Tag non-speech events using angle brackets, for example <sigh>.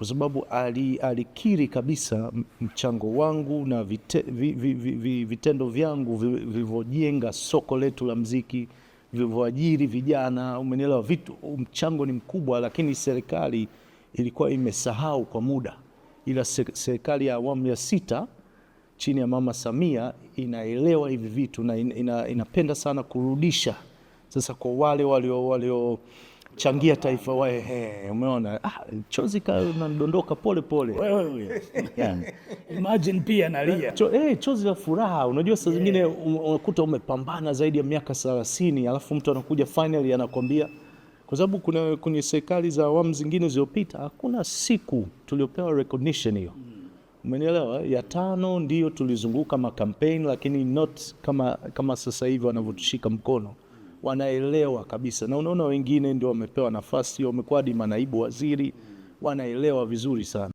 kwa sababu alikiri kabisa mchango wangu na vite, vi, vi, vi, vitendo vyangu vilivyojenga soko letu la mziki vilivyoajiri vijana, umenielewa? Vitu mchango ni mkubwa, lakini serikali ilikuwa imesahau kwa muda, ila serikali ya awamu ya sita chini ya Mama Samia inaelewa hivi vitu na ina, ina, inapenda sana kurudisha sasa kwa wale walio walio changia taifa wae, he, umeona ah, chozi kanadondoka pole pole. Wewe <laughs> yani imagine pia nalia cho, hey, eh, chozi la furaha. Unajua saa zingine yeah. Unakuta umepambana zaidi ya miaka 30 alafu mtu anakuja finally anakwambia, kwa sababu kuna kwenye serikali za awamu zingine zilizopita hakuna siku tuliopewa recognition hiyo mm. Umenielewa? Eh? Ya tano ndiyo tulizunguka makampeni, lakini not kama, kama sasa hivi wanavyotushika mkono wanaelewa kabisa, na unaona wengine ndio wamepewa nafasi, wamekuwa hadi manaibu waziri, wanaelewa vizuri sana.